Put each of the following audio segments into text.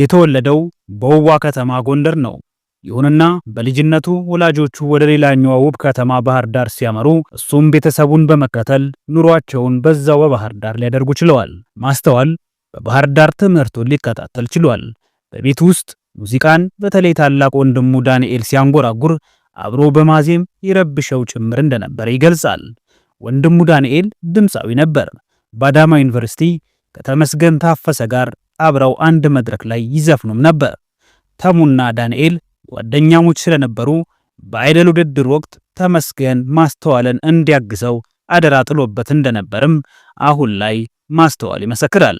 የተወለደው በውዋ ከተማ ጎንደር ነው። ይሁንና በልጅነቱ ወላጆቹ ወደ ሌላኛዋ ውብ ከተማ ባህር ዳር ሲያመሩ እሱም ቤተሰቡን በመከተል ኑሯቸውን በዛው በባህር ዳር ሊያደርጉ ችለዋል። ማስተዋል በባህር ዳር ትምህርቱን ሊከታተል ችሏል። በቤት ውስጥ ሙዚቃን በተለይ ታላቅ ወንድሙ ዳንኤል ሲያንጎራጉር አብሮ በማዜም ይረብሸው ጭምር እንደነበረ ይገልጻል። ወንድሙ ዳንኤል ድምፃዊ ነበር። በአዳማ ዩኒቨርሲቲ ከተመስገን ታፈሰ ጋር አብረው አንድ መድረክ ላይ ይዘፍኑም ነበር። ተሙና ዳንኤል ጓደኛሞች ስለነበሩ በአይደል ውድድር ወቅት ተመስገን ማስተዋልን እንዲያግዘው አደራ ጥሎበት እንደነበርም አሁን ላይ ማስተዋል ይመሰክራል።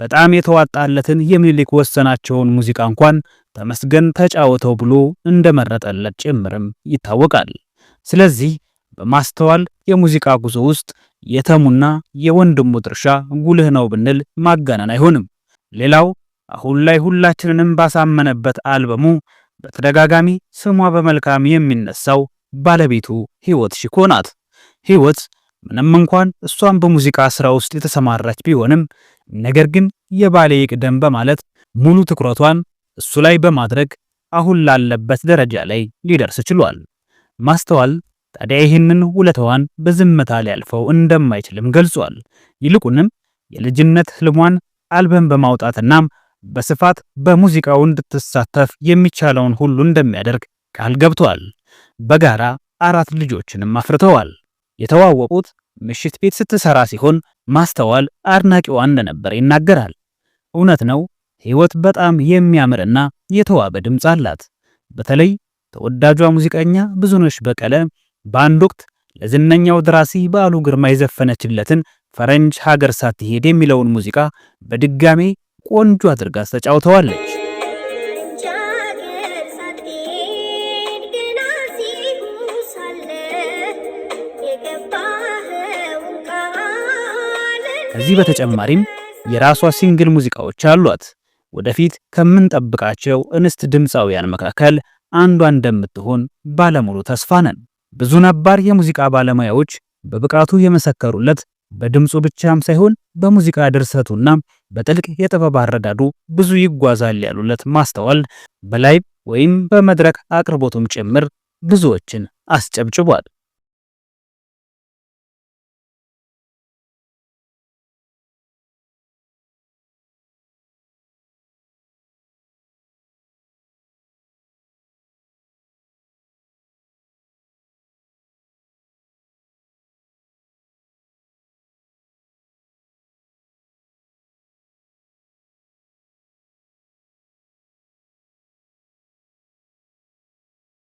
በጣም የተዋጣለትን የሚኒሊክ ወሰናቸውን ሙዚቃ እንኳን ተመስገን ተጫወተው ብሎ እንደመረጠለት ጭምርም ይታወቃል። ስለዚህ በማስተዋል የሙዚቃ ጉዞ ውስጥ የተሙና የወንድሙ ድርሻ ጉልህ ነው ብንል ማጋነን አይሆንም። ሌላው አሁን ላይ ሁላችንንም ባሳመነበት አልበሙ በተደጋጋሚ ስሟ በመልካም የሚነሳው ባለቤቱ ህይወት ሽኮ ናት። ህይወት ምንም እንኳን እሷን በሙዚቃ ስራ ውስጥ የተሰማራች ቢሆንም ነገር ግን የባሌ ይቅደም በማለት ሙሉ ትኩረቷን እሱ ላይ በማድረግ አሁን ላለበት ደረጃ ላይ ሊደርስ ችሏል። ማስተዋል ታዲያ ይህንን ውለታዋን በዝምታ ሊያልፈው እንደማይችልም ገልጿል። ይልቁንም የልጅነት ህልሟን አልበም በማውጣትና በስፋት በሙዚቃው እንድትሳተፍ የሚቻለውን ሁሉ እንደሚያደርግ ቃል ገብቷል። በጋራ አራት ልጆችንም አፍርተዋል። የተዋወቁት ምሽት ቤት ስትሰራ ሲሆን ማስተዋል አድናቂዋ እንደነበር ይናገራል። እውነት ነው፣ ህይወት በጣም የሚያምርና የተዋበ ድምፅ አላት። በተለይ ተወዳጇ ሙዚቀኛ ብዙነሽ በቀለ በአንድ ወቅት ለዝነኛው ደራሲ በዓሉ ግርማ የዘፈነችለትን ፈረንጅ ሀገር ሳትሄድ የሚለውን ሙዚቃ በድጋሜ ቆንጆ አድርጋ ተጫውተዋለች። ከዚህ በተጨማሪም የራሷ ሲንግል ሙዚቃዎች አሏት። ወደፊት ከምንጠብቃቸው እንስት ድምፃውያን መካከል አንዷ እንደምትሆን ባለሙሉ ተስፋ ነን። ብዙ ነባር የሙዚቃ ባለሙያዎች በብቃቱ የመሰከሩለት በድምፁ ብቻም ሳይሆን በሙዚቃ ድርሰቱና በጥልቅ የጥበብ አረዳዱ ብዙ ይጓዛል ያሉለት ማስተዋል በላይቭ ወይም በመድረክ አቅርቦቱም ጭምር ብዙዎችን አስጨብጭቧል።